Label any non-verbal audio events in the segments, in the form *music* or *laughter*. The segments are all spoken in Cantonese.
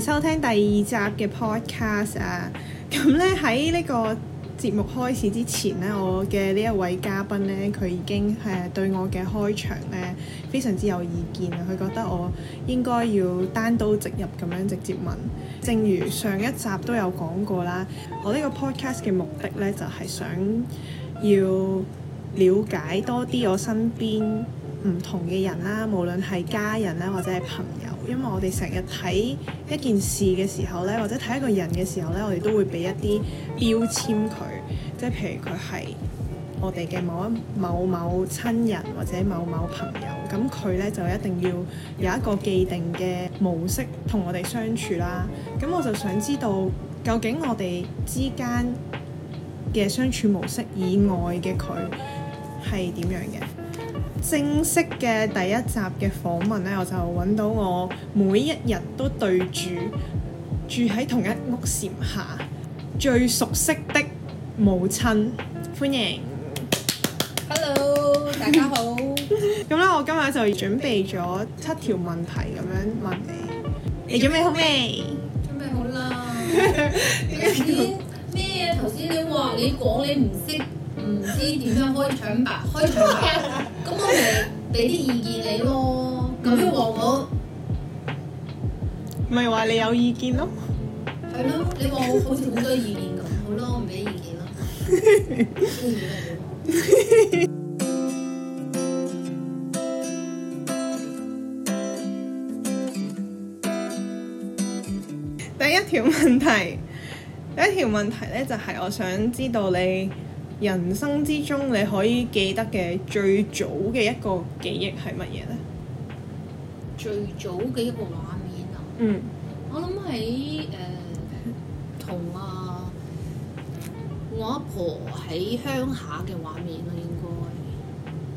收聽第二集嘅 podcast 啊，咁咧喺呢個節目開始之前咧，我嘅呢一位嘉賓咧，佢已經誒對我嘅開場咧非常之有意見啊，佢覺得我應該要單刀直入咁樣直接問，正如上一集都有講過啦，我呢個 podcast 嘅目的咧就係想要了解多啲我身邊唔同嘅人啦，無論係家人咧或者係朋友。因為我哋成日睇一件事嘅時候呢，或者睇一個人嘅時候呢，我哋都會俾一啲標籤佢，即係譬如佢係我哋嘅某一某某親人或者某某朋友，咁佢呢，就一定要有一個既定嘅模式同我哋相處啦。咁我就想知道，究竟我哋之間嘅相處模式以外嘅佢係點樣嘅？正式嘅第一集嘅訪問呢，我就揾到我每一日都對住住喺同一屋檐下最熟悉的母親。歡迎，Hello，大家好。咁咧，我今日就準備咗七條問題咁樣問你。你準備好未？準備好啦。 *laughs* *laughs* 頭先你話你講你唔識唔知點樣開搶白、開搶白，咁我咪俾啲意見你咯。咁你話我咪話你有意見咯？係咯， *laughs* 你話好似好多意見咁，好咯，我唔俾意見咯。 *laughs* *laughs* 第一條問題。一條問題咧，就係、是、我想知道你人生之中你可以記得嘅最早嘅一個記憶係乜嘢咧？最早嘅一個畫面啊！嗯，我諗喺誒同阿我阿婆喺鄉下嘅畫面、啊。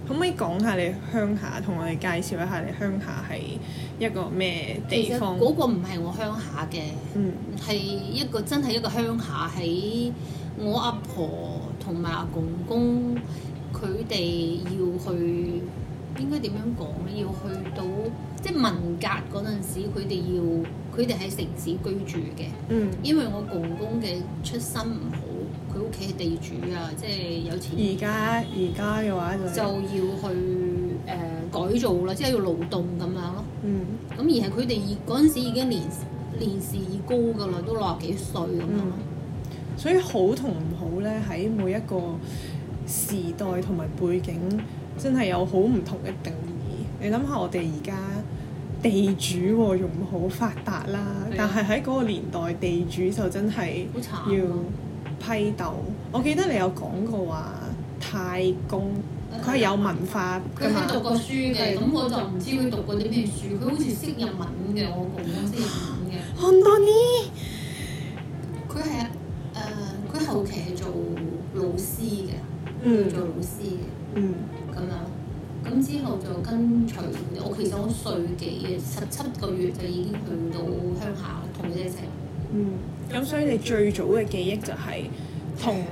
可唔可以講下你鄉下，同我哋介紹一下你鄉下係一個咩地方？嗰個唔係我鄉下嘅，嗯，係一個真係一個鄉下，喺我阿婆同埋阿公公佢哋要去，應該點樣講咧？要去到即係文革嗰陣時，佢哋要佢哋喺城市居住嘅，嗯，因為我公公嘅出身唔好。屋企係地主啊，即係有錢。而家而家嘅話就是、就要去誒、呃、改造啦，即係要勞動咁樣咯。嗯。咁而係佢哋嗰陣時已經年年事已高噶啦，都六十幾歲咁樣、嗯。所以好同唔好咧，喺每一個時代同埋背景，真係有好唔同嘅定義。你諗下，我哋而家地主仲好發達啦，的但係喺嗰個年代，地主就真係好慘要、啊。批鬥，我記得你有講過話，啊、太公，佢係有文化佢係讀過書嘅。咁為我，是我就唔知佢讀過啲咩書。佢、嗯、好似識日文嘅，我講我識日文嘅。a n 呢。佢係啊，誒、佢、uh, 後期係做老師嘅，嗯，做老師嘅，嗯、啊、咁樣，咁之後就跟隨、嗯、我，其實我歲幾嘅，十七個月就已經去到鄉下同佢一齊、嗯、嗯。咁、嗯、所以你最早嘅記憶就係同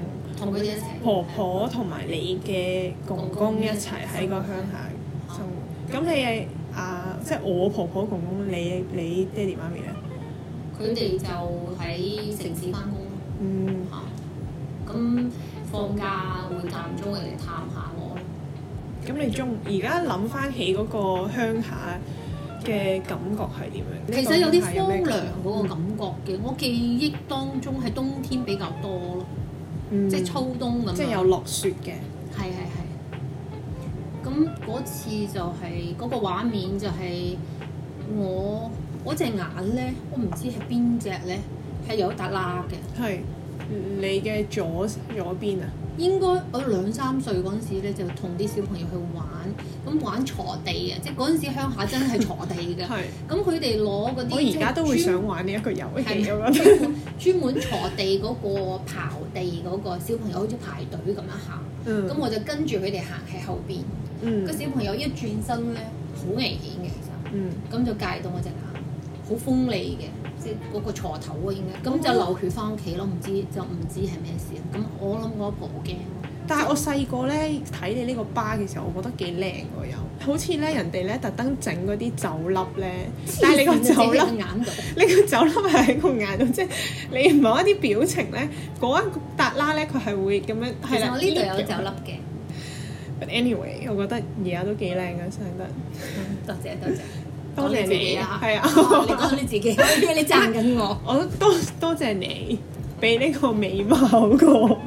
婆婆同埋你嘅公公一齊喺個鄉下生活。咁、嗯、你係啊？即係我婆婆公公，你你爹哋媽咪咧？佢哋就喺城市返工。嗯。嚇、嗯。咁放假會間中嚟探下我咯。咁你仲而家諗返起嗰個鄉下嘅感覺係點樣？其實有啲荒涼嗰個感覺嘅，嗯、我記憶當中係冬天比較多咯、嗯嗯，即係秋冬咁。即係有落雪嘅。係係係。咁嗰次就係、係、嗰、嗰個畫面，就係我嗰隻眼咧，我唔知係邊隻咧，係有笪黑嘅。係、嗯、你嘅左左邊啊？應該我兩三歲嗰陣時咧，就同啲小朋友去玩，咁玩鋤地啊！即係嗰陣時鄉下真係鋤地嘅。咁佢哋攞嗰啲，我而家都會想玩呢一個遊戲咁樣。 *laughs* 專門鋤地嗰個刨地嗰個小朋友，好似排隊咁樣行，咁、 *laughs* 嗯、我就跟住佢哋行喺後邊。個、嗯、小朋友一轉身咧，好危險嘅，其實。咁、嗯、就鎅到我隻眼，好鋒利嘅。即係嗰個鋤頭喎、啊，應該咁就留佢翻屋企咯，唔知就唔知係咩事。咁我諗我阿婆好驚。但係我細個咧睇你呢個疤嘅時候，我覺得幾靚喎，又好似咧、嗯、人哋咧特登整嗰啲酒粒咧。但係你個酒粒喺眼度。你個酒粒係喺個眼度，即係 *laughs* *laughs* 你某一啲表情咧嗰一笪啦咧，佢、那、係、個、會咁樣係其實 啦。我呢度有酒粒嘅。 *laughs* But anyway，我覺得而家都幾靚嘅，真得、嗯。多謝多謝。 *laughs* 多謝你，多謝你啊！係啊，你講你自己，因為你讚緊我。我多多謝你，俾呢 *laughs* 個美貌過。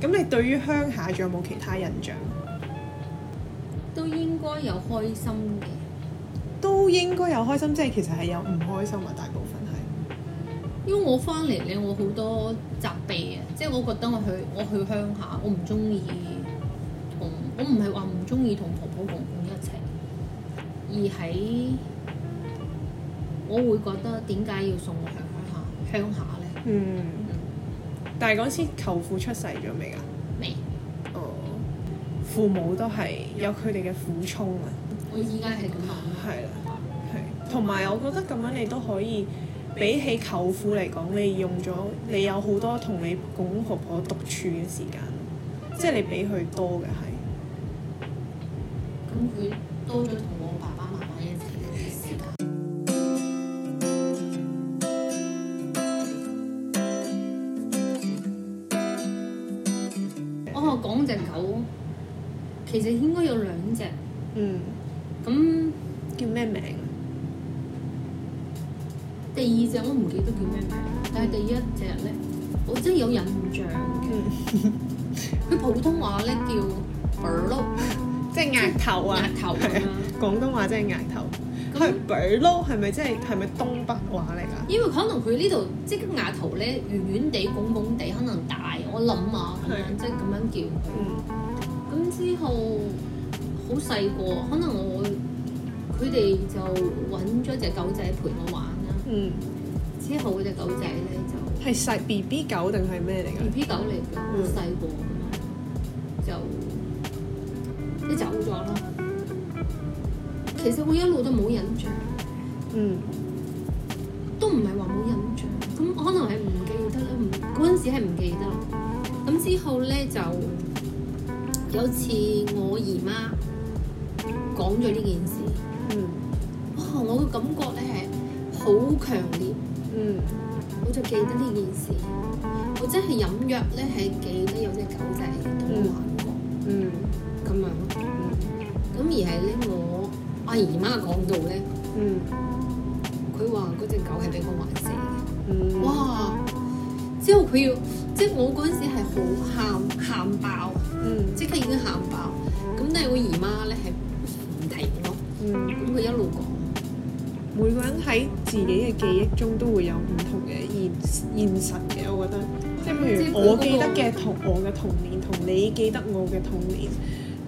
咁 *laughs* *music* 你對於鄉下仲有冇其他印象？都應該有開心嘅，都應該有開心，即係其實係有唔開心呀，大部分係。因為我翻嚟咧，我好多。我覺得我去我去鄉下，我唔中意同我唔係話唔中意同婆婆公公一齊，而喺我會覺得點解要送我去鄉下鄉下咧？嗯，嗯但係嗰時舅父出世咗未㗎？未哦，父母都係有佢哋嘅苦衷啊！我依家係咁諗，係啦，係，同埋我覺得咁樣你都可以。比起舅父嚟講，你用咗你有好多同你公公婆婆獨處嘅時間，即係你比佢多嘅係，咁佢多咗同我爸爸媽媽一齊嘅時間。我講隻狗，其實應該有兩隻。嗯。唔記得叫咩名，但係第一隻咧，我真係有印象。佢 *laughs* 普通話咧叫奔兒嘍，即係額頭啊！額頭係啊！廣東話即係額頭，係奔兒嘍係咪？即係係咪東北話嚟㗎？因為可能佢呢度即係額頭咧圓圓地、拱拱地，可能大。我諗下，咁即係咁樣叫。嗯。咁之後好細個，可能我佢哋就揾咗隻狗仔陪我玩啦。嗯。之後嗰隻狗仔咧就係細 B B 狗定係咩嚟㗎？B B 狗嚟㗎，好細個，就一、嗯、走咗啦。其實我一路都冇印象，嗯，都唔係話冇印象，咁可能係唔記得啦。唔嗰陣時係唔記得，咁之後咧就有次我姨媽講咗呢件事，嗯，哇、哦！我嘅感覺咧係好強烈。嗯，我就記得呢件事，我真係飲藥咧，係記得有隻狗仔同我玩過，嗯，咁樣，咁而係咧我阿姨媽講到咧，嗯，佢話嗰隻狗係俾我玩死嘅，嗯，哇，之後佢要，即係我嗰陣時係好喊喊爆，嗯，即刻已經喊爆，咁、嗯、但係我姨媽咧係唔停咯，嗯，咁佢一路講。每個人喺自己嘅記憶中都會有唔同嘅現現實嘅，我覺得。即係是譬如我記得嘅同、那個、我嘅童年同你記得我嘅童年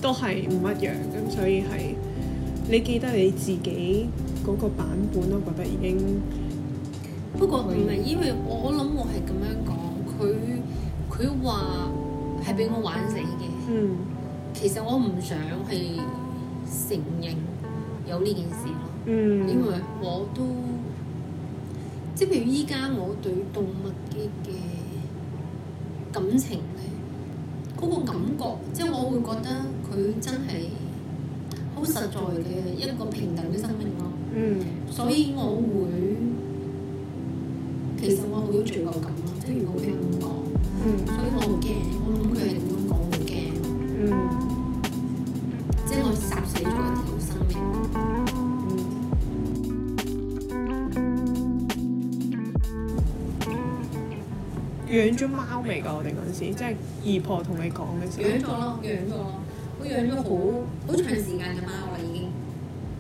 都係唔一樣咁，所以係你記得你自己嗰個版本，我覺得已經。不過唔係，嗯、因為我諗我係咁樣講，佢佢話係俾我玩死嘅。嗯。其實我唔想係承認有呢件事。嗯，mm. 因為我都即係譬如依家我對動物嘅嘅感情咧，嗰個感覺即係我會覺得佢真係好實在嘅一個平等嘅生命咯。嗯，mm. 所以我會其實我會有罪惡感咯。即係如果佢咁講， *noise* mm. 所以我好驚，我諗佢。 *noise* 養咗貓未㗎？我哋嗰陣時，即係姨婆同你講嗰時。養咗咯，養咗，我養咗好好長時間嘅貓啦，已經。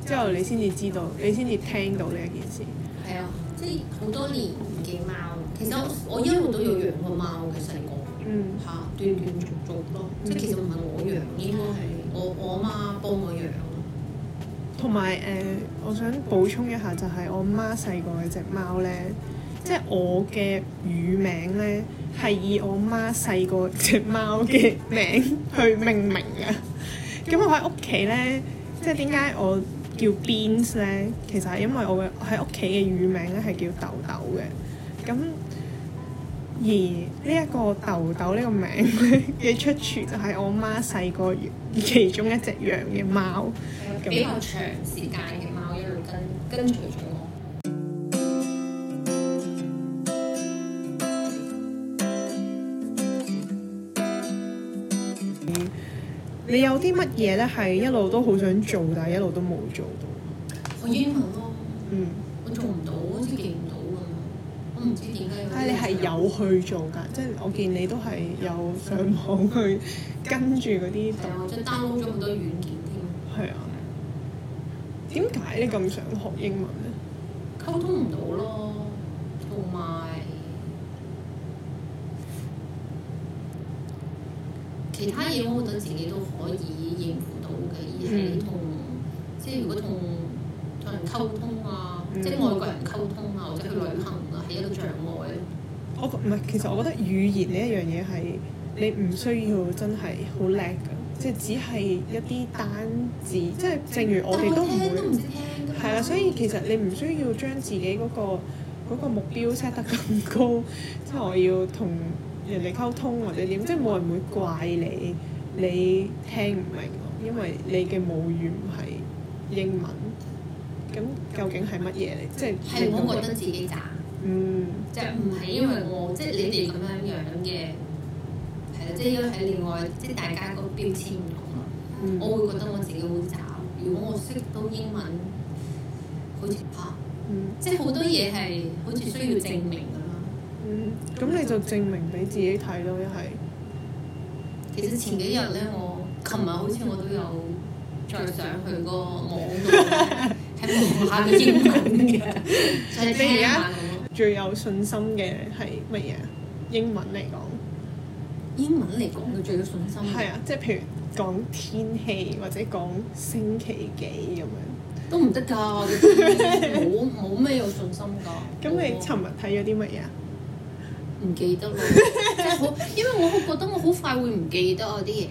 之後你先至知道，你先至聽到呢一件事。係啊，即係好多年嘅貓。其實我一路都要養個貓嘅細個。嗯。嚇，斷斷續續咯，即係其實唔係我養，應該係我我阿媽幫我養咯。同埋誒，我想補充一下，就係我媽細個嗰隻貓咧。即係我嘅乳名咧，係以我媽細個隻貓嘅名去命名㗎！咁 *laughs* 我喺屋企咧，即係點解我叫 Beans 咧？其實係因為我喺屋企嘅乳名咧係叫豆豆嘅。咁而呢一個豆豆呢個名嘅出處就係我媽細個其中一隻養嘅貓，比較長時間嘅貓一路跟跟隨咗我。你有啲乜嘢咧係一路都好想做，但係一路都冇做到？學英文咯。嗯。我做唔到，好似記唔到咁，我唔知點解。但係你係有去做㗎，即係我見你都係有上網去跟住嗰啲。係啊、嗯，即係 download 咗咁多軟件添。係啊。點解你咁想學英文咧？溝通唔到咯。其他嘢我覺得自己都可以應付到嘅，意思。同即係如果同人溝通啊，嗯、即係外國人溝通啊，外通啊或者去旅行啊，係一個障礙。我唔係，其實我覺得語言呢一樣嘢係你唔需要真係好叻㗎，即、就、係、是、只係一啲單字，即係正如我哋都唔會。係啦，所以其實你唔需要將自己嗰、嗰個嗰個目標 set 得咁高，即係、嗯、 *laughs* 我要同。人哋溝通或者點，即係冇人會怪你，你聽唔明咯，因為你嘅母語唔係英文。咁究竟係乜嘢嚟？就是、即係係我覺得自己渣。嗯。即係唔係因為我，即係你哋咁樣樣嘅。係啦，即係因為係另外，即係為大家個標籤唔同啦。嗯。我會覺得我自己好渣。嗯、如果我識到英文，好似嚇，啊嗯、即係好多嘢係好似需要證明。咁、嗯、你就證明俾自己睇咯，一係。其實前幾日咧，我琴日好似我都有再上去個網度，睇下啲英文嘅。譬如啊，麼樣最有信心嘅係乜嘢？英文嚟講。英文嚟講，你最有信心。係啊，即係譬如講天氣或者講星期幾咁樣，都唔得㗎，冇冇咩有信心㗎。咁你尋日睇咗啲乜嘢？ *laughs* 唔記得啦，因為我覺得我好快會唔記得啊啲嘢。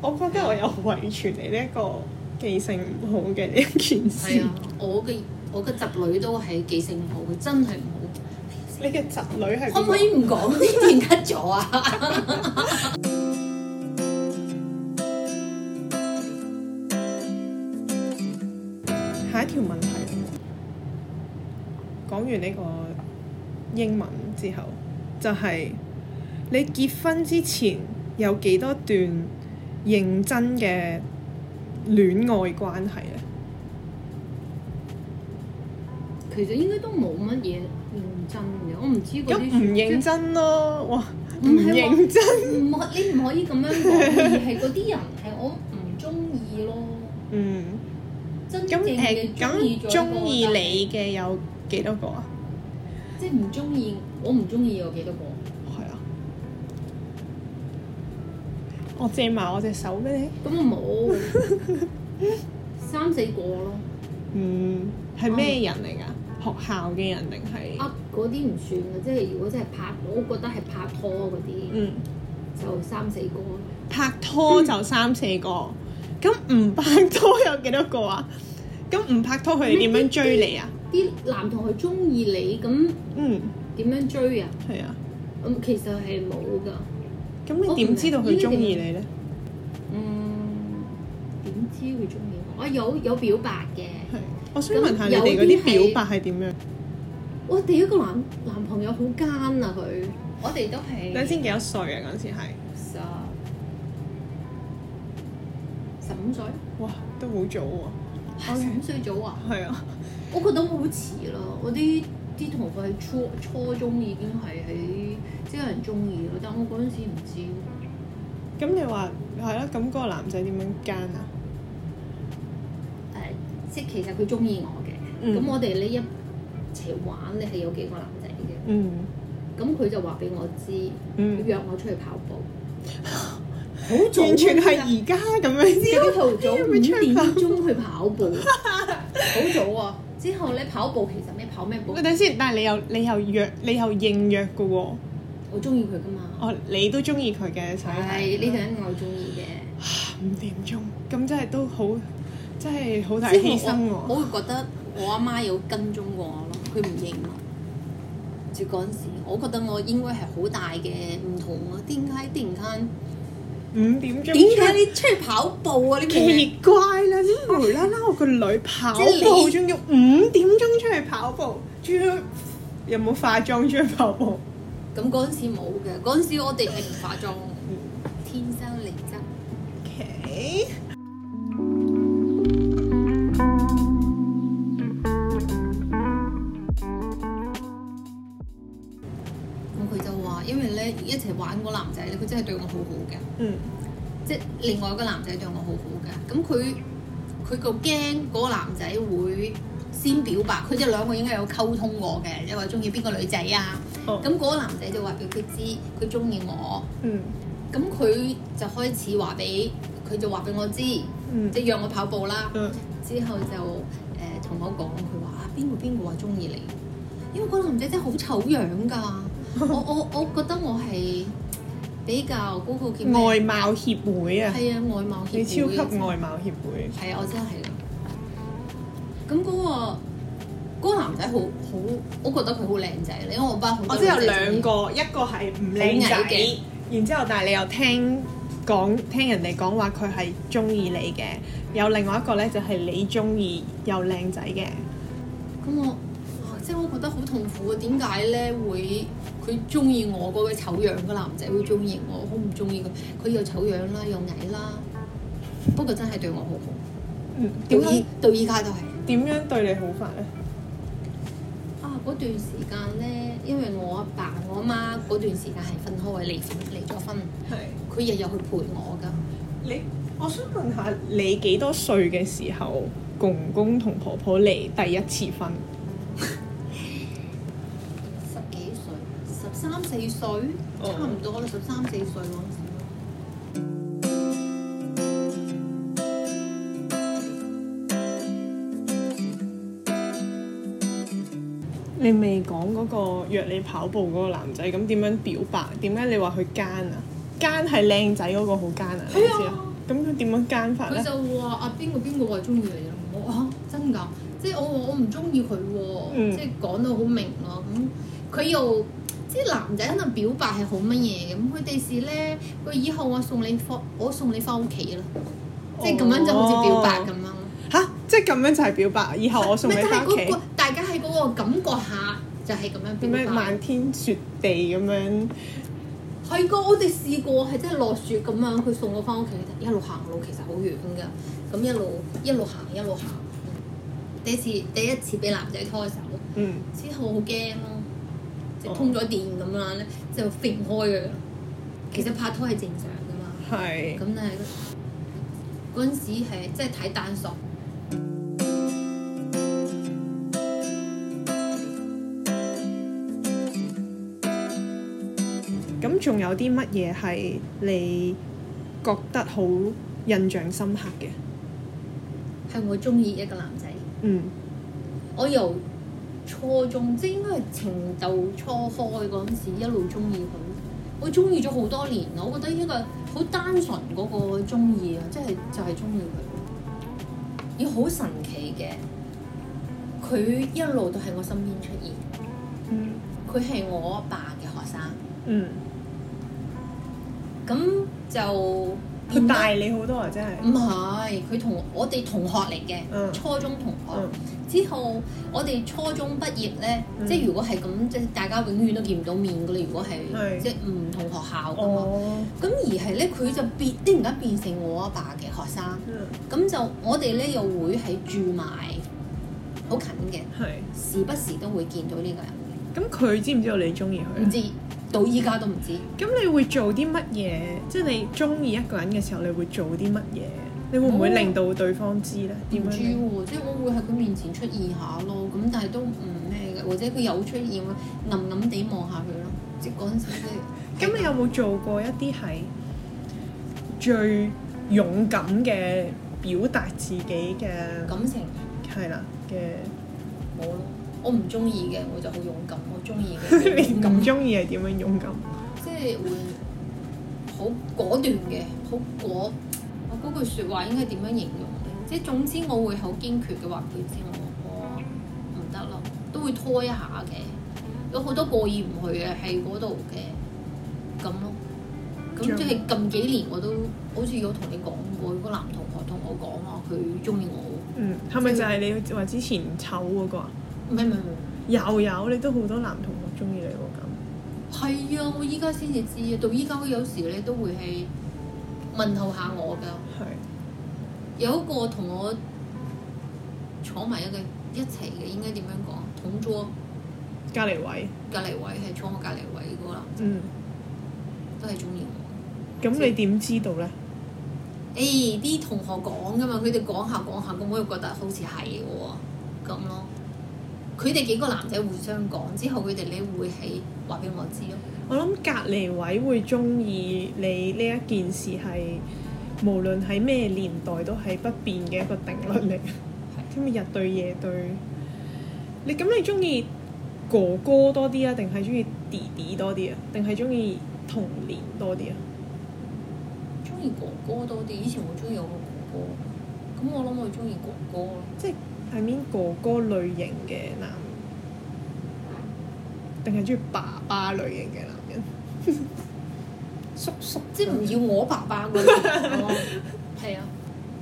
我覺得我有遺傳你呢一個記性唔好嘅一件事。係啊，我嘅我嘅侄女都係記性唔好，佢真係唔好。你嘅侄女係可唔可以唔講呢件得咗啊？下一條問題，講完呢個英文之後。就係你結婚之前有幾多段認真嘅戀愛關係咧？其實應該都冇乜嘢認真嘅，我唔知嗰啲，咁唔認真咯，哇！唔認真，你唔可以咁樣講，而係啲人係我唔中意咯 *laughs* 嗯嗯。嗯。咁、嗯，真正中意你嘅有幾多個啊？即係唔中意，我唔中意有幾多個？係啊，我借埋我隻手俾你。咁我冇 *laughs* 三四個咯。嗯，係咩人嚟噶啊、學校嘅人定係？啊，嗰啲唔算嘅，即係如果真係拍，我覺得係拍拖嗰啲。嗯，就三四個。拍拖就三四個，咁唔、嗯、拍拖有幾多個啊？咁唔拍拖佢哋點樣追你啊？啲男同學中意你咁，嗯，點樣追啊？係啊，嗯，其實係冇㗎。咁你點知道佢中意你咧？哦？嗯，點知佢中意我？我、哦、有有表白嘅。係，我想問下你哋嗰啲表白係點樣？我哋、哦、一個男男朋友好奸啊！佢，我哋都係。兩先幾多歲啊？嗰時係十十五歲。哇，都好早啊！哦、十五歲早啊？係 *laughs* *laughs* 啊。我覺得好遲咯，我啲啲同學喺初初中已經係喺即係有人中意咯，但係我嗰陣時唔知。咁你話係咯，咁嗰個男仔點樣奸啊？誒，即係其實佢中意我嘅，咁我哋呢一齊玩咧係有幾個男仔嘅。嗯。咁佢就話俾我知，佢約我出去跑步。好完全係而家咁樣，朝頭早五點， *laughs* 點鐘去跑步，好早啊！之後咧跑步，其實你跑咩步？等等先，但係你又你又約你又應約嘅喎。我中意佢噶嘛。哦，你都中意佢嘅，睇睇對。係呢個人我中意嘅。五點鐘咁真係都好，真係好大犧牲喎。我會覺得我阿媽有跟蹤過我咯，佢唔認我。就嗰陣時，我覺得我應該係好大嘅唔同啊！點解突然間？五點鐘點解你出去跑步啊？呢個奇怪啦！ *laughs* 無啦啦，我個女跑步仲要五點鐘出去跑步，仲要 *laughs* 於有冇化妝出去跑步？咁嗰陣時冇嘅，嗰陣時我哋係唔化妝。嗰個男仔咧，佢真係對我好好嘅，嗯，即係另外一個男仔對我好好嘅，咁佢佢個驚嗰個男仔會先表白，佢哋兩個應該有溝通過嘅，因為中意邊個女仔啊？咁嗰、哦、個男仔就話俾佢知佢中意我，嗯，咁佢就開始話俾佢就話俾我知，即係、嗯、讓我跑步啦，嗯、之後就誒同、呃、我講，佢話啊邊個邊個話中意你？因為嗰個男仔真係好醜樣㗎， *laughs* 我我我覺得我係。比較嗰個外貌協會啊，係啊外貌協會，你超級外貌協會。係啊，我真係咯、啊。咁嗰、嗰個嗰、嗰個男仔好好，我覺得佢好靚仔，你因為我班我真有兩個。以一個係唔靚仔，然之後但係你又聽講聽人哋講話佢係中意你嘅，有另外一個咧就係、係、你中意又靚仔嘅。咁我即係我覺得好痛苦啊！點解咧會？佢中意我嗰個醜樣嘅男仔會中意我，好唔中意佢。佢又醜樣啦，又矮啦。不過真係對我好好。嗯、到依到依家都係。點樣對你好法咧？啊，嗰段時間咧，因為我阿爸，爸我阿媽嗰段時間係分開嘅，離婚離咗婚。係。佢日日去陪，陪我㗎。你，我想問下你幾多歲嘅時候公公同婆婆離第一次婚？四歲，差唔多啦，oh. 十三四歲嗰時。你未講嗰個約你跑步嗰個男仔，咁點樣表白？點解你話佢奸，奸，奸啊？奸係靚仔嗰個好奸啊？係啊！咁佢點樣奸法咧？佢就話：啊，邊個邊個話中意你啊？嚇！真㗎！即係我我唔中意佢喎，嗯、即係講到好明咯。咁佢又。啲男仔喺度表白係好乜嘢嘅，咁佢哋是咧，佢以後我送你返，我送你返屋企啦，即係咁樣就好似表白咁啦。嚇！即係咁樣就係表白，以後我送你返屋企。大家喺嗰個感覺下、啊、就係、是、咁樣。咩？漫天雪地咁樣？係個，我哋試過係真係落雪咁樣，佢送我返屋企，一路行路其實好遠噶，咁一路一路行一路行。第一次第一次，俾男仔拖手，嗯，之後好驚啊！Oh. 通了了，就通咗電咁啦，咧就飛唔開㗎啦。其實拍拖係正常噶嘛，咁你嗰陣時係即係睇單數。咁仲有啲乜嘢係你覺得好印象深刻嘅？係我中意一個男仔。嗯，我又。初中即係應該係情竇初開嗰陣時，一路中意佢，我中意咗好多年，我覺得呢個好單純嗰個中意啊，即係就係中意佢，又好神奇嘅。佢一路都喺我身邊出現，嗯，佢係我阿爸嘅學生，嗯，咁就。佢大你好多啊！真係，唔係佢同我哋同學嚟嘅，嗯、初中同學。嗯、之後我哋初中畢業咧，嗯、即係如果係咁，即係大家永遠都見唔到面噶啦。如果係是即係唔同學校噶嘛，咁、哦、而係咧佢就變，突然間變成我阿爸嘅學生。咁、嗯、就我哋咧又會喺住埋，好近嘅，係時不時都會見到呢個人。咁佢知唔知道你中意佢？唔知。到依家都唔知。咁你會做啲乜嘢？即係你中意一個人嘅時候，你會做啲乜嘢？你會唔會令到對方知咧？點、哦、知喎、啊？即係我會喺佢面前出現下咯。咁但係都唔咩嘅，的或者佢有出現啊，暗暗地望下佢咯。即係嗰陣時即咁 *laughs* 你有冇做過一啲係最勇敢嘅表達自己嘅感情？係啦，嘅冇。我唔中意嘅，我就好勇敢。我中意嘅，嗯、 *laughs* 你咁中意係點樣勇敢？即係會好果斷嘅，好果嗰句説話應該點樣形容咧？即係總之我我，我會好堅決嘅話佢知我唔得咯，都會拖一下嘅。有好多過意唔去嘅喺嗰度嘅，咁咯。咁即係近幾年我都好似有同你講過，個男同學同我講話佢中意我。嗯，係咪就係你話之前醜嗰、嗰個啊？唔係唔係，又、mm hmm. 有，有你都好多男同學中意你喎咁。係啊，我依家先至知，啊。到依家我有時咧都會係問候下我㗎。係是。有一個同我坐埋一個一齊嘅，應該點樣講？同桌。隔離位。隔離位係坐我隔離位嗰個男仔。嗯。都係中意我。咁你點知道咧？誒道，啲、哎、同學講㗎嘛，佢哋講下講下，咁我又覺得好似係喎，咁咯。佢哋幾個男仔互相講之後，佢哋你會喺話俾我知咯。我諗隔離位會中意你呢一件事係無論喺咩年代都係不變嘅一個定律嚟。咁咪的 *laughs* 日對夜對。你咁你中意哥哥多啲啊，定係中意弟弟多啲啊，定係中意童年多啲啊？中意哥哥多啲，以前我中意我個哥哥，咁我諗我中意哥哥咯。即係。係咪哥哥類型嘅男人？定係中意爸爸類型嘅男人？ *laughs* 叔叔即係唔要我爸爸嗰啲，係 *laughs* 啊！啊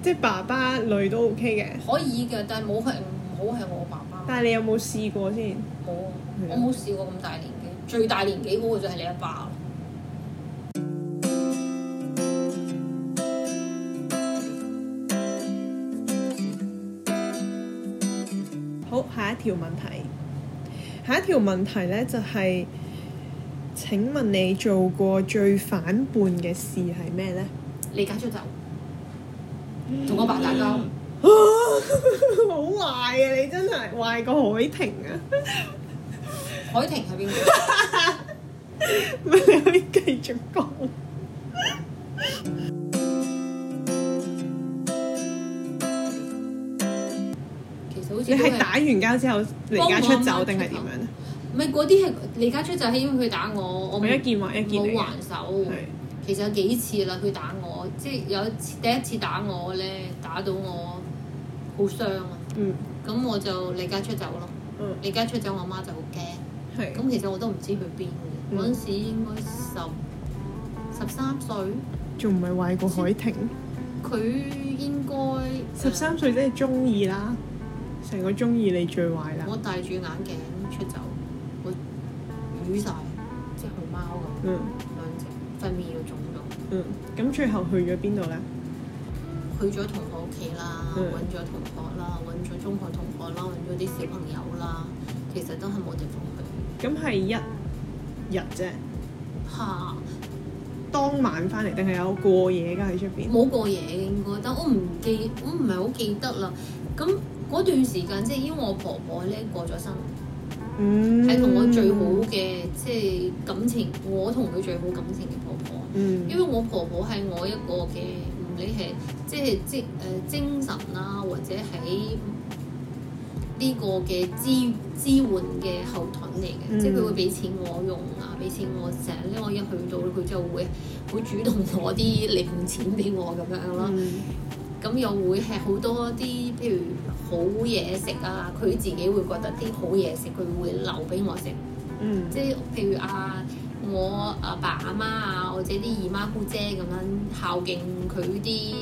即係爸爸類都 OK 嘅。可以嘅，但係冇係唔好係我爸爸。但係你有冇試過先？冇啊！啊我冇試過咁大年紀，最大年紀嗰個就係你阿爸。條問題，下一條問題咧就係，請問你做過最反叛嘅事係咩咧？你繼續就同我爸打交，好壞啊！你真係壞過海婷啊！海婷喺邊個？你可以繼續講。你係打完交之後離家出走定係點樣咧？唔係嗰啲係離家出走係因為佢打我，我一件還一件，嚟冇還手。的其實有幾次啦，佢打我，即係有一次第一次打我咧，打到我好傷啊。嗯。咁我就離家出走咯。嗯。離家出走，我媽，媽就好驚。係的。咁其實我都唔知去邊嘅。嗰陣、嗯、時應該十十三歲，仲唔係壞過海婷？佢應該十三歲即係中二啦。係我中意你最壞啦！我戴住眼鏡出走，我淤晒，即熊貓咁，嗯、兩隻分面要腫咗。嗯，咁最後去咗邊度咧？去咗同學屋企啦，揾咗、嗯、同學啦，揾咗中學同學啦，揾咗啲小朋友啦。其實都係冇地方去。咁係一日啫。吓哈？當晚翻嚟定係有過夜㗎喺出邊？冇過夜應該，但我唔記，我唔係好記得啦。咁。嗰段時間，即係因為我婆婆咧，過咗身，係同、嗯、我最好嘅即係感情，我同佢最好感情嘅婆婆。嗯、因為我婆婆係我一個嘅，唔理係即係即誒精神啦、啊，或者喺呢個嘅支支援嘅後盾嚟嘅。嗯、即係佢會俾錢我用啊，俾錢我成日咧，我一去到佢就會會主動攞啲零錢俾我咁樣咯。咁、嗯、又會吃好多啲譬如。好嘢食啊！佢自己會覺得啲好嘢食，佢會留俾我食。嗯，即係譬如啊，我阿爸阿媽啊，或者啲姨媽姑姐咁樣孝敬佢啲，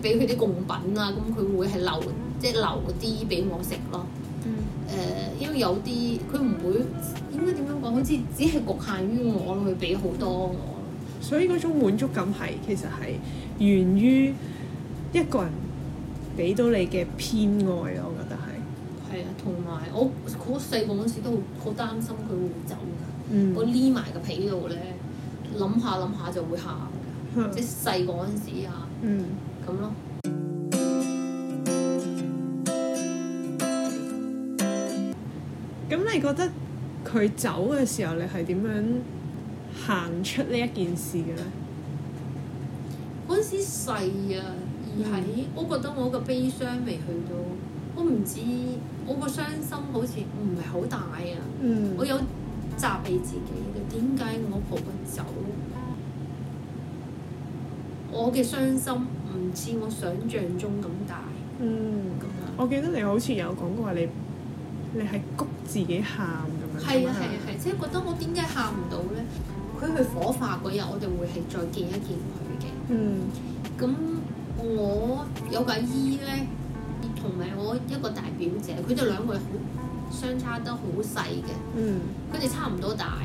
俾佢啲供品啊，咁佢會係留，即係留啲俾我食咯。嗯。誒、呃，因為有啲，佢唔會應該點樣講？好似只係局限於我去俾好多我。所以嗰種滿足感係其實係源於一個人。俾到你嘅偏愛咯，我覺得係。係啊，同埋我好細個嗰時都好擔心佢會走㗎。嗯。我匿埋個被度咧，諗下諗下就會喊㗎。嗯。即係細個嗰時啊。嗯。咁咯。咁你覺得佢走嘅時候，你係點樣行出呢一件事嘅咧？嗰陣時細啊。係，我覺得我個悲傷未去到，我唔知，我個傷心好似唔係好大啊。嗯、我有責備自己嘅，點解我婆婆走？我嘅傷心唔似我想象中咁大。嗯，咁樣。我記得你好似有講過話，你你係谷自己喊咁樣。係啊係啊係，即係、啊啊啊啊、覺得我點解喊唔到咧？佢去火化嗰日，我哋會係再見一見佢嘅。嗯，咁。我有個阿姨咧，同埋我一個大表姐，佢哋兩個好相差得好細嘅，佢哋、嗯、差唔多大，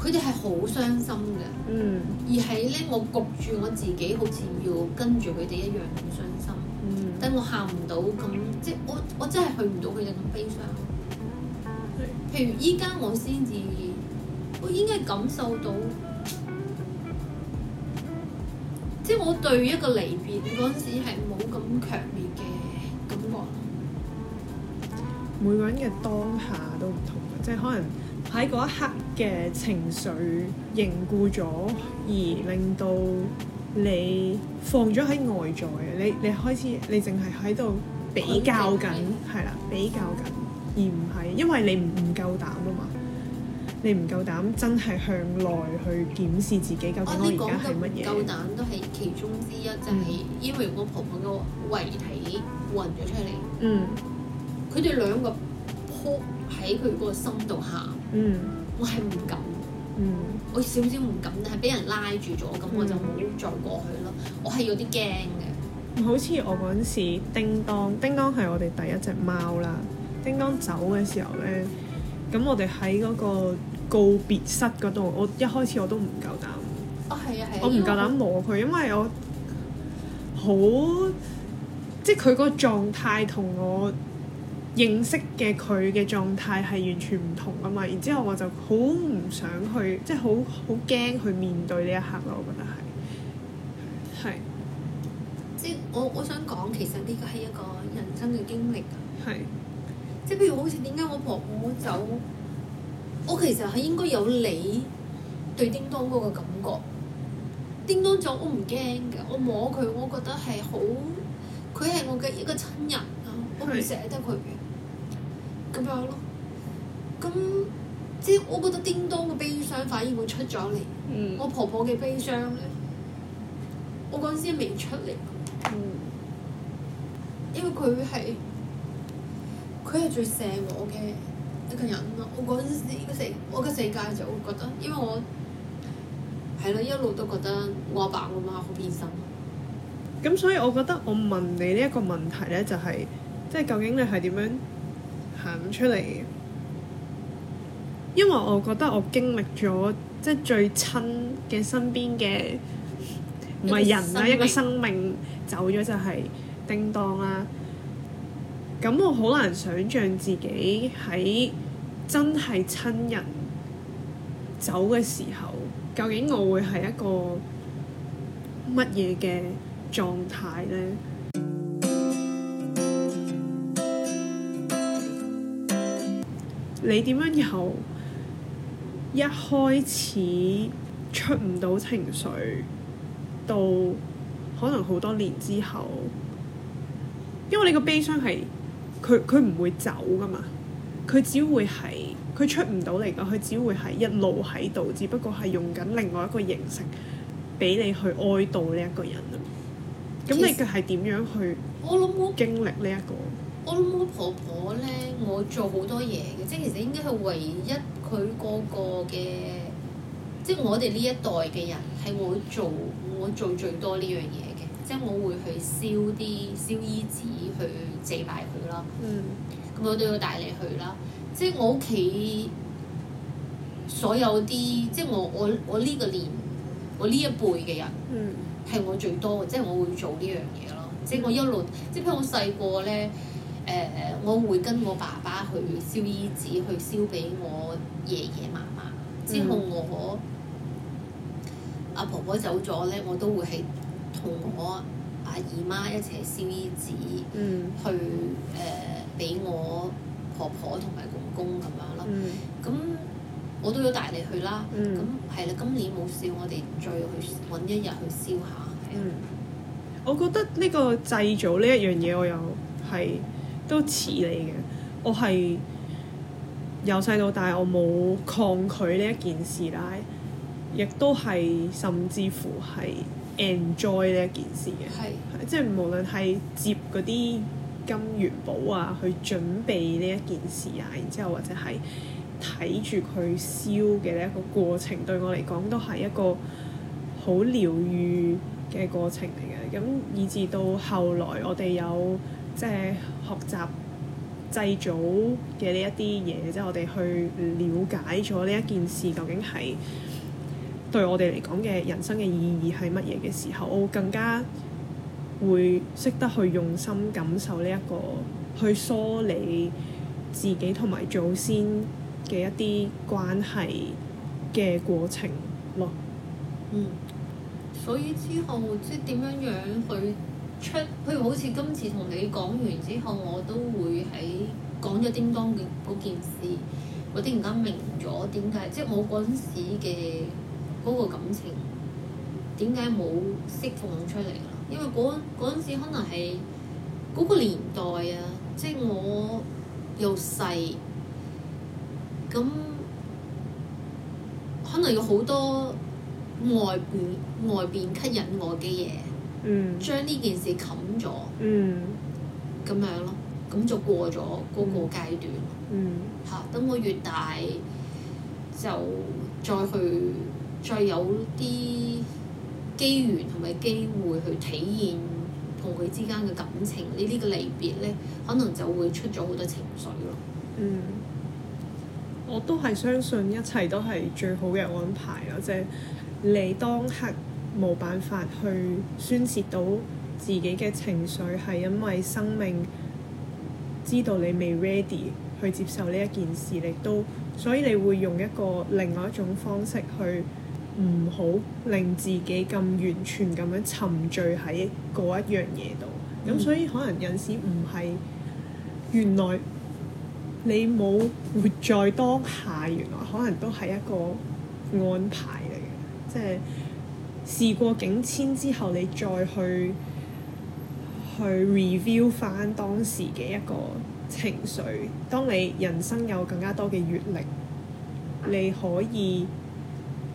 佢哋係好傷心嘅，嗯、而係咧我焗住我自己，好似要跟住佢哋一樣咁傷心，嗯、但我喊唔到咁，即係我我真係去唔到佢哋咁悲傷。譬如依家我先至，我應該感受到。即係我對一個離別陣時係冇咁強烈嘅感覺。每個人嘅當下都唔同嘅，即係可能喺一刻嘅情緒凝固咗，而令到你放咗喺外在嘅你，你開始你淨係喺度比較緊，係啦比較緊，而唔係，因為你唔唔夠膽。你唔夠膽真係向內去檢視自己究竟我而家係乜嘢？啊、夠膽都係其中之一，嗯、就係因為我婆婆個遺體運咗出嚟。嗯，佢哋兩個撲喺佢個心度喊。嗯，我係唔敢。嗯，我少少唔敢，但係俾人拉住咗，咁我就冇再過去咯。嗯、我係有啲驚嘅。好似我嗰陣時，叮當，叮當係我哋第一隻貓啦。叮當走嘅時候咧，咁我哋喺嗰個告別室嗰度，我一開始我都唔夠膽。哦，係啊，係。我唔夠膽摸佢，因為我好即係佢個狀態同我認識嘅佢嘅狀態係完全唔同啊嘛。然之後我就好唔想去，即係好好驚去面對呢一刻咯。我覺得係係即係我我想講，其實呢個係一個人生嘅經歷。係，即係譬如好似點解我婆婆走？我其實係應該有你對叮當嗰個感覺，叮當走我唔驚嘅，我摸佢我覺得係好，佢係我嘅一個親人啊，我唔捨得佢嘅，咁是樣咯，咁即係我覺得叮當嘅悲傷反而會出咗嚟，嗯、我婆婆嘅悲傷咧，我嗰陣時未出嚟，嗯、因為佢係佢係最錫我嘅。人咯，我嗰陣我嘅世界就會覺得，因為我係咯一路都覺得我阿爸我媽好偏心。咁所以，我覺得我問你呢一個問題咧、就是，就係即係究竟你係點樣行出嚟？因為我覺得我經歷咗即係最親嘅身邊嘅唔係人啦，生命？一個生命走咗就係、是、叮當啦。咁我好難想像自己喺～真係親人走嘅時候，究竟我會係一個乜嘢嘅狀態呢？ *music* 你點樣由一開始出唔到情緒，到可能好多年之後，因為你個悲傷係佢，佢唔會走㗎嘛。佢只會係佢出唔到嚟噶，佢只會係一路喺度，只不過係用緊另外一個形式俾你去哀悼呢一個人咯。咁其實你嘅係點樣去我我？我諗我經歷呢一個。我諗我婆婆咧，我做好多嘢嘅，即係其實應該係唯一佢個個嘅，即係我哋呢一代嘅人係我做我做最多呢樣嘢嘅，即係我會去燒啲燒衣紙去祭埋佢啦。嗯。咁我都要帶你去啦，即係我屋企所有啲，即係我我我呢個年我呢一輩嘅人係、嗯、我最多嘅，即係我會做呢樣嘢咯。即係我一路，即係譬如我細個咧，誒、呃，我會跟我爸爸去燒衣紙，去燒俾我爺爺媽媽。之後我阿、嗯、婆婆走咗咧，我都會係同我阿姨媽一齊燒衣紙，嗯、去誒。呃俾我婆婆同埋公公咁樣啦，咁、嗯、我都要帶你去啦。咁係啦，今年冇燒，我哋再去揾一日去燒下、嗯。我覺得呢個祭祖呢一樣嘢，我又係都似你嘅，我係由細到大我冇抗拒呢一件事啦，亦都係甚至乎係 enjoy 呢一件事嘅。係的，即係無論係接嗰啲。金元寶啊，去準備呢一件事啊，然之後或者係睇住佢燒嘅呢一個過程，對我嚟講都係一個好療愈嘅過程嚟嘅。咁以至到後來，我哋有即係學習祭祖嘅呢一啲嘢，即係我哋去了解咗呢一件事，究竟係對我哋嚟講嘅人生嘅意義係乜嘢嘅時候，我會更加。會識得去用心感受呢、這、一個去梳理自己同埋祖先嘅一啲關係嘅過程咯。嗯，所以之後即係點樣樣去出？譬如好似今次同你講完之後，我都會喺講咗叮當嗰件事，我突然間明咗點解，即、就、係、是、我嗰陣時嘅嗰個感情點解冇釋放出嚟。因為嗰嗰陣時可能係嗰個年代啊，即係我又細，咁可能有好多外邊外邊吸引我嘅嘢，將呢、嗯、件事冚咗，咁、嗯、樣咯，咁就過咗嗰個階段。嗯，嚇、啊，等我越大就再去再有啲。機緣同埋機會去體驗同佢之間嘅感情，呢啲嘅離別咧，可能就會出咗好多情緒咯。嗯，我都係相信一切都係最好嘅安排咯，即係你當刻冇辦法去宣泄到自己嘅情緒，係因為生命知道你未 ready 去接受呢一件事，你都所以你會用一個另外一種方式去。唔好令自己咁完全咁樣沉醉喺嗰一樣嘢度，咁所以可能有陣時唔係，原來你冇活在當下，原來可能都係一個安排嚟嘅，即係事過境遷之後你再去去 review 翻當時嘅一個情緒，當你人生有更加多嘅閱歷，你可以。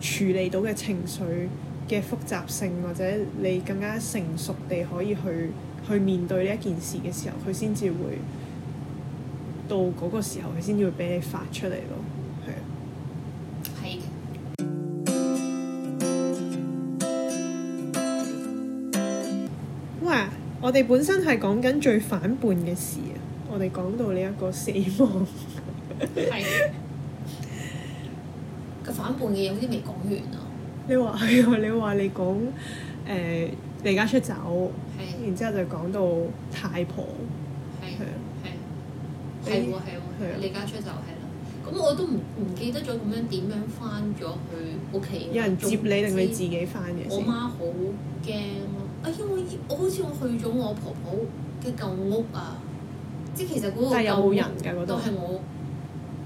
處理到嘅情緒嘅複雜性，或者你更加成熟地可以去去面對呢一件事嘅時候，佢先至會到嗰個時候，佢先至會俾你發出嚟咯。係啊，係嘅的。哇！我哋本身係講緊最反叛嘅事啊，我哋講到呢一個死亡。 *laughs* 反叛嘅嘢好似未講完啊！你話係喎，你話你講誒離家出走，係的，然之後就講到太婆，係係係喎係喎，離家出走係啦。咁的我都唔唔記得咗咁樣點樣翻咗去屋企。有人接你定係自己翻嘅？我媽，媽好驚咯，啊，啊因為我好似我去咗我婆婆嘅舊屋啊，即係其實嗰個舊屋但有冇人都係我，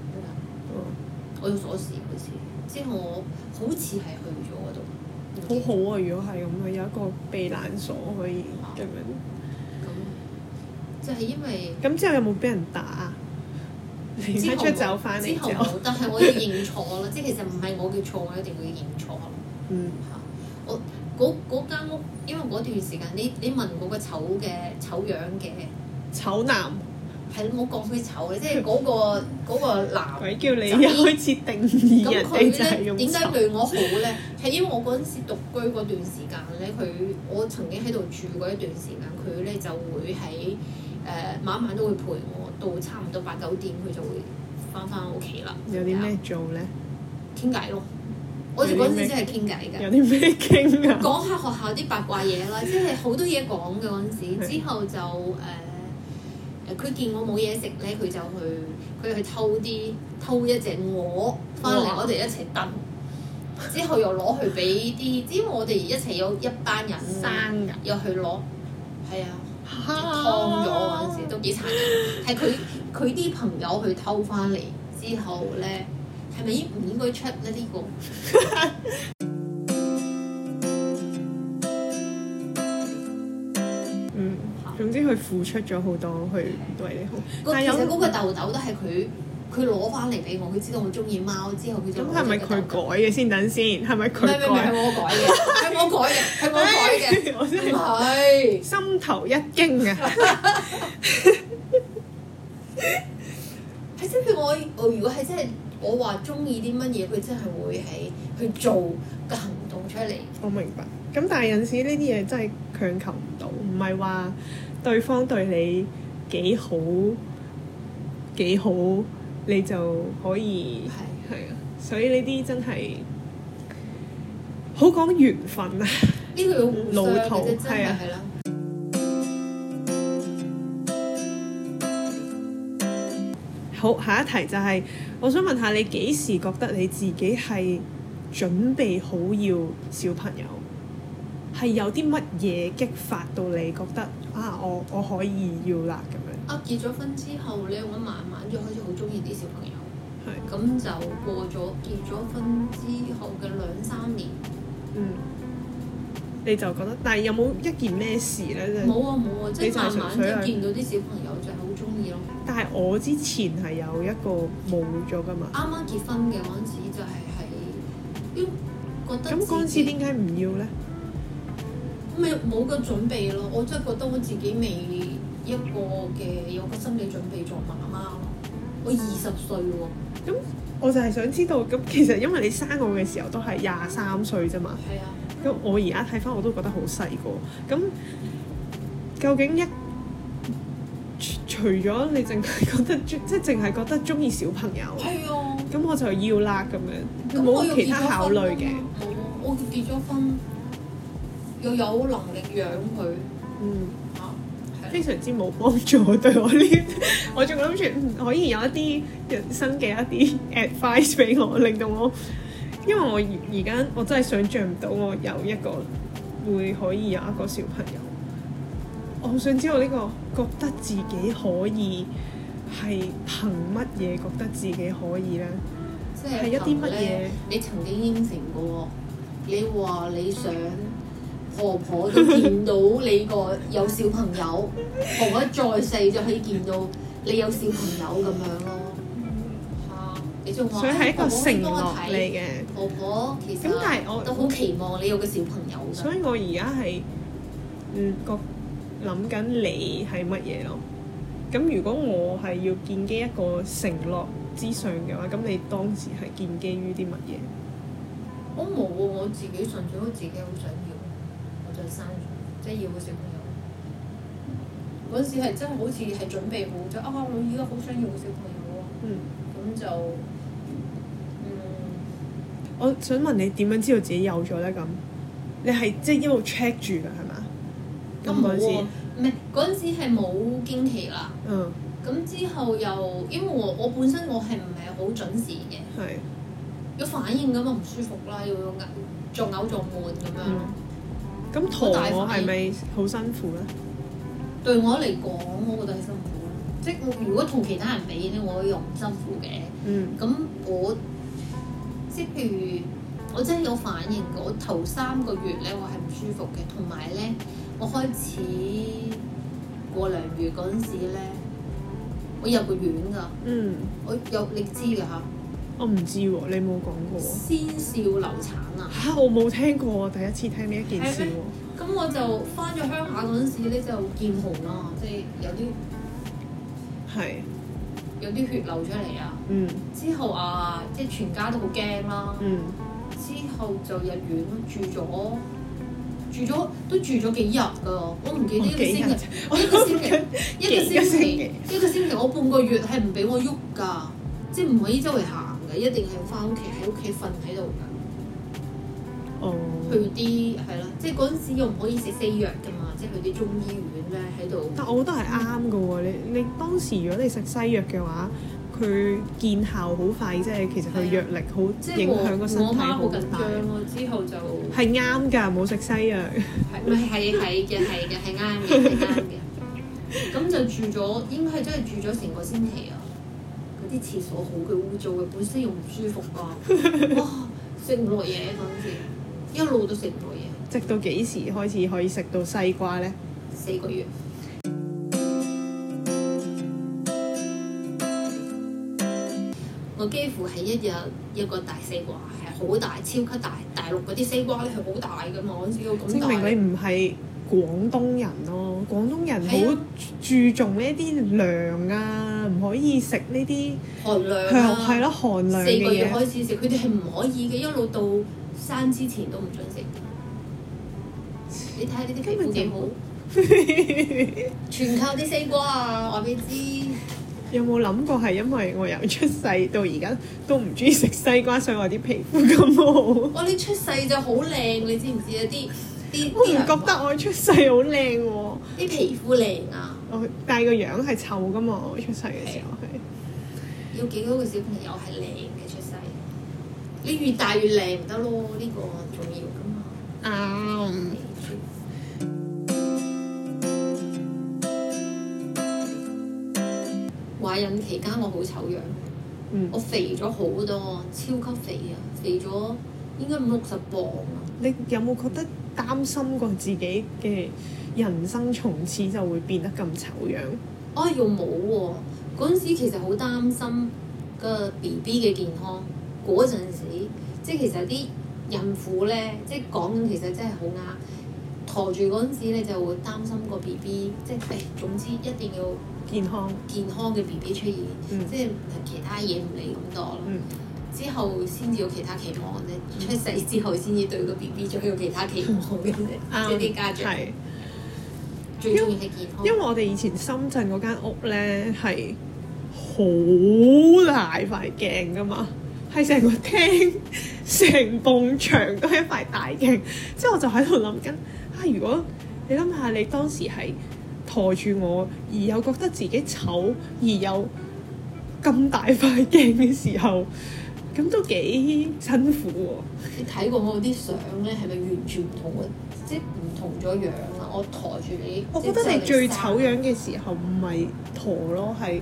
係啊裡，我用鎖匙好似。之後我好似係去咗嗰度，好好啊！如果係咁啊，有一個避難所可以，咁樣。咁、啊、就係、是、因為。咁之後有冇俾人打？之後你走翻嚟之後，但係我要認錯囉，即係 *laughs* 其實唔係我嘅錯，我一定要認錯。嗯。啊、我嗰間屋，因為嗰段時間，你你問嗰個醜嘅醜樣嘅醜男。係冇講佢醜嘅，即係嗰個嗰 *laughs* 個男鬼叫你一開始定義呢人，你就係點解對我好咧？係因為我嗰陣時獨居嗰段時間咧，佢我曾經喺度住過一段時間，佢咧就會喺誒晚晚都會陪我到差唔多八九點，佢就會翻返屋企啦。嗯、以有啲咩做咧？傾偈咯，我哋嗰陣時真係傾偈㗎。有啲咩傾啊？講下學校啲八卦嘢啦，即係好多嘢講嘅嗰陣時。 *laughs* 之後就誒。嗯 *laughs* 佢見我冇嘢食咧，佢就去佢去偷啲偷一隻鵝翻嚟，我哋一齊燉。之後又攞去俾啲，因為 *laughs* 我哋一齊有一班人，生人又去攞，係、哎、啊，劏咗嗰陣時都幾殘忍，係佢佢啲朋友去偷翻嚟之後咧，係咪應唔應該出咧呢、呢個？ *laughs* 啲佢付出咗好多去為你好，其實嗰個豆豆都係佢佢攞翻嚟俾我，佢知道我中意貓之後豆豆，佢就咁係咪佢改嘅先等？等先係咪佢？係係我改嘅，係 *laughs* 我改嘅，係 *laughs* *laughs* 我改嘅， *laughs* 我唔係道。是心頭一驚啊！係即係我我如果係即係我話中意啲乜嘢，佢真係會喺去做個行動出嚟。我明白。咁但係有時呢啲嘢真係強求唔到，唔係話。對方對你幾好幾好，你就可以係係啊，所以呢啲真係好講緣分啊！呢這個路頭係啊，係啦的。的好，下一題就係、是，我想問下你幾時覺得你自己係準備好要小朋友？係有啲乜嘢激發到你覺得啊？我我可以要啦咁樣。啊！結咗婚之後咧，我慢慢就開始好中意啲小朋友。係。咁就過咗結咗婚之後嘅兩三年。嗯。你就覺得，但係有冇一件咩事咧？冇啊冇啊，即係、啊就是、慢慢即係見到啲小朋友就好中意咯。但係我之前係有一個冇咗噶嘛。啱啱結婚嘅嗰陣時就係喺，都覺得。咁嗰陣時點解唔要咧？咁咪冇個準備咯，我真係覺得我自己未一個嘅有個心理準備做媽媽咯。我二十歲喎，咁 *noise* 我就係想知道，咁其實因為你生我嘅時候都係廿三歲啫嘛。係啊。咁我而家睇翻我都覺得好細個，咁究竟一除咗你淨係覺得即係淨係覺得中意小朋友，係啊，咁我就要啦咁樣，冇其他考慮嘅？冇、嗯，我結咗婚。要有能力養佢，嗯，啊，的非常之冇幫助對我呢 *laughs* 我仲諗住可以有一啲人生嘅一啲 advice 俾我，令到我，因為我而家我真係想像唔到我有一個會可以有一個小朋友，我好想知道我呢個覺得自己可以係憑乜嘢覺得自己可以咧？即係一啲乜嘢？你曾經應承過，你話你想。婆婆都見到你個有小朋友， *laughs* 婆婆再細就可以見到你有小朋友咁樣咯。嚇、 *laughs* 啊！你仲話所以係一個承諾嚟嘅。婆婆幫我睇嘅婆婆，其實咁但係我都好期望你有個小朋友。所以我而家係，嗯，覺諗緊你係乜嘢咯？咁如果我係要建基一個承諾之上嘅話，咁你當時係建基於啲乜嘢？我冇啊！我自己純粹我自己好想。生，即係要個小朋友。嗰時係真係好似係準備好咗啊、就是哦！我依家好想要個小朋友喎。嗯。咁就，嗯。我想問你點樣知道自己有咗咧？咁，你係即係一路 check 住㗎係嘛？咁嗰、嗯、時，唔係嗰陣時係冇經期啦。嗯。咁之後又因為我我本身我係唔係好準時嘅。係是。有反應㗎嘛？唔舒服啦，要嘔，仲嘔仲悶咁樣。嗯。咁同我係咪好辛苦咧？我對我嚟講，我覺得係辛苦咯。即、就、我、係、如果同其他人比咧，我又唔辛苦嘅。嗯。咁我即係譬如我真係有反應嘅，我頭三個月咧，我係唔舒服嘅，同埋咧，我開始過兩月嗰陣時咧，我入過院㗎。嗯。我有你知㗎吓。我唔知喎，你冇講過。先兆流產啊？嚇，我冇聽過啊，第一次聽呢一件事喎。咁我就翻咗鄉下嗰陣時咧，就見紅啦，即係有啲，係，對有啲血流出嚟啊。嗯。之後啊，即係全家都好驚啦。嗯。之後就入院住咗，住咗都住咗幾日㗎，我唔記得一個星期， *laughs* 才一個星期， *laughs* 一個星期，一個星期，我半個月係唔俾我喐㗎，即係唔可以周圍行。一定係要翻屋企，喺屋企瞓喺度㗎。哦，oh, 去啲係啦，即係嗰陣時我唔可以食西藥㗎嘛，即係去啲中醫院咧喺度。但我覺得係啱㗎喎，嗯、你你當時如果你食西藥嘅話，佢見效好快，即係其實佢藥力好，即係影響個身體好緊張。之後就係啱㗎，冇食西藥。係係係嘅係嘅，係啱嘅，係啱嘅。咁 *laughs* 就住咗，應該係真係住咗成個星期啊。啲廁所好嘅污糟嘅，本身又唔舒服啊。 *laughs* 哇！食唔落嘢嗰陣時，一路都食唔落嘢。直到幾時開始可以食到西瓜咧？四個月。 *music* 我幾乎係一日一個大西瓜，係好大，超級大。大陸嗰啲西瓜咧係好大㗎嘛，好似要咁大。證明你唔係。廣東人咯，廣東人好注重呢一啲涼啊，唔可以食呢啲寒涼。係咯，寒涼。四個月開始食，佢哋係唔可以嘅，一路到生之前都唔準食。 *laughs* 你睇下呢啲皮膚幾好， *laughs* 全靠啲西瓜啊！我邊知有冇諗過係因為我由出世到而家都唔中意食西瓜，所以我啲皮膚咁好。我、 *laughs* 哦、你出世就好靚，你知唔知啊？啲我唔覺得我出世好靚喎，啲皮膚靚啊，但係個樣係醜噶嘛，我出世嘅時候係、啊。是有幾多個小朋友係靚嘅出世？你、嗯、越大越靚唔得咯？呢、呢個重要噶嘛。嗯、啊，懷、嗯、孕、啊嗯、期間我好醜樣，嗯、我肥咗好多，超級肥啊，肥咗應該五六十磅啊。你有冇覺得？擔心過自己嘅人生從此就會變得咁醜樣，我要冇喎。嗰陣時其實好擔心個 B B 嘅健康，嗰陣時即係其實啲孕婦咧，即係講緊其實真係好啱。陀住嗰陣時咧，就會擔心個 B B，即係、哎、總之一定要健康健康嘅 B B 出現，即係其他嘢唔理咁多。啦、嗯。之後先至有其他期望咧，嗯、出世之後先至對個 B B 仲有其他期望嘅，啲 *laughs* 家長是最中意係健康。因為，因為我哋以前深圳嗰間屋咧，係好大塊鏡㗎嘛，係成個廳成埲牆都係一塊大鏡，之後我就喺度諗緊啊！如果你諗下你當時係抬住我，而又覺得自己醜，而又咁大塊鏡嘅時候。 *laughs* 咁都幾辛苦喎，哦！你睇過我啲相咧，係咪完全唔同，同？我即係唔同咗樣啦！我抬住你，我覺得你最醜樣嘅時候唔係陀咯，係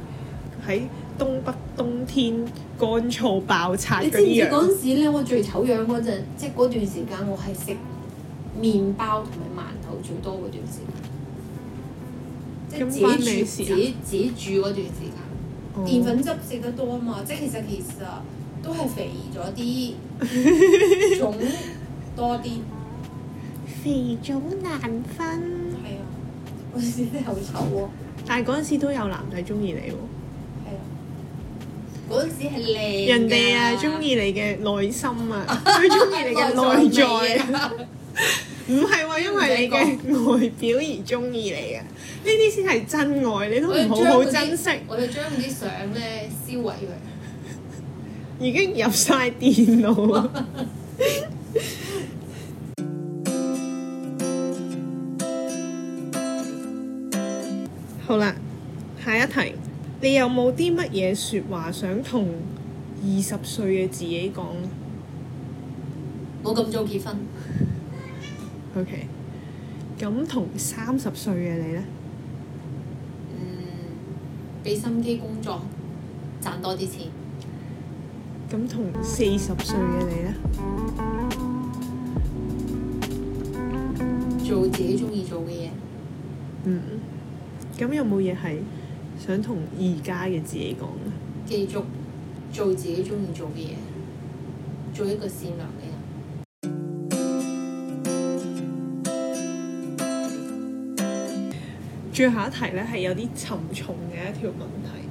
喺東北冬天乾燥爆拆嘅樣。嗰陣時咧，我最醜樣嗰陣，即係嗰段時間，我係食麪包同埋饅頭最多嗰段時間，即係自己煮自己自己煮嗰段時間，澱、哦、粉質食得多啊嘛！即係其實其實。其實都係肥咗啲，腫多啲，肥腫難分。係啊，嗰陣時真係好醜喎。但係嗰陣時都有男仔中意你喎。係啊，嗰陣時係靚。人哋啊，中意你嘅內心啊，佢中意你嘅內在。唔係喎，因為你嘅外表而中意你啊，呢啲先係真愛。你都唔好好珍惜。我要將嗰啲相咧燒毀佢。已經入曬電腦。 *laughs* 好啦，下一題，你有冇啲乜嘢説話想同二十歲嘅自己講？冇咁早結婚。OK，咁同三十歲嘅你呢？嗯，俾心機工作，賺多啲錢。咁同四十歲嘅你呢？做自己中意做嘅嘢。嗯。咁有冇嘢係想同而家嘅自己講咧？繼續做自己中意做嘅嘢，做一個善良嘅人。最後一題呢，係有啲沉重嘅一條問題，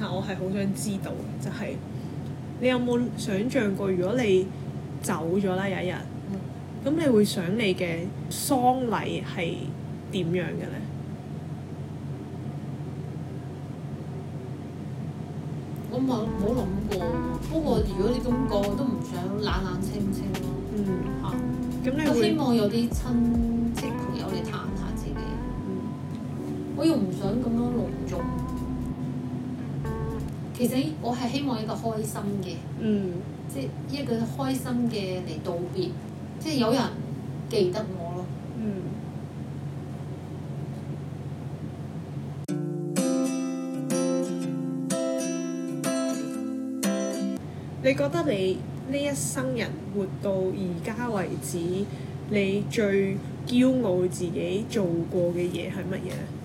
但我係好想知道，就係。你有冇想象過如果你走咗啦有一日，咁、嗯、你會想你嘅喪禮係點樣嘅咧？我冇冇諗過，不過如果你咁過，我都唔想冷冷清清咯。嗯、啊，吓？咁你會都希望有啲親戚朋友嚟探下自己。嗯，我又唔想咁樣。其實我係希望一個開心嘅，嗯，即係一個開心嘅嚟道別，即係有人記得我咯。嗯。你覺得你呢一生人活到而家為止，你最驕傲自己做過嘅嘢係乜嘢？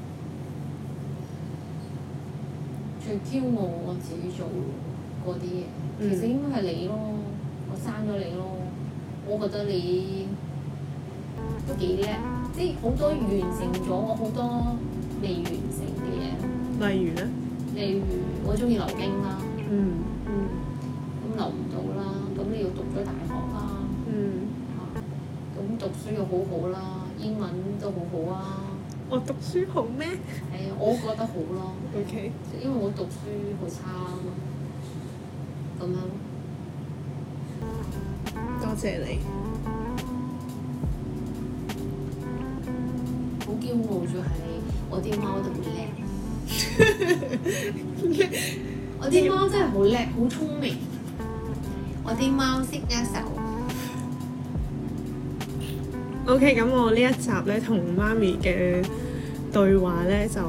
最驕傲我自己做嗰啲嘢，嗯、其實應該係你咯，我生咗你咯，我覺得你都幾叻，即係好多完成咗我好多未完成嘅嘢。例如咧？例如我中意留京啦、啊嗯，嗯，咁、嗯、留唔到啦，咁你要讀咗大學啦、啊，嗯，咁、啊、讀書又好好、啊、啦，英文都好好啊。我讀書好咩？係啊，我覺得好咯。O.K. 因為我讀書好差吖嘛。咁樣。多謝你。好驕傲就係我啲貓特別叻。 *laughs* *laughs* 我啲貓真係好叻，好聰明。我啲貓識握手。OK，咁我呢一集呢同媽咪嘅對話呢就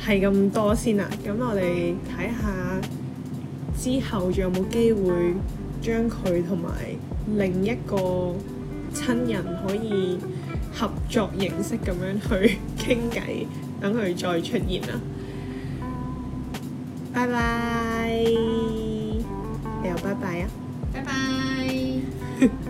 係咁多先啦。咁我哋睇下之後仲有冇機會將佢同埋另一個親人可以合作形式咁樣去傾偈，等佢再出現啦。拜拜 bye，又拜拜啊！拜拜。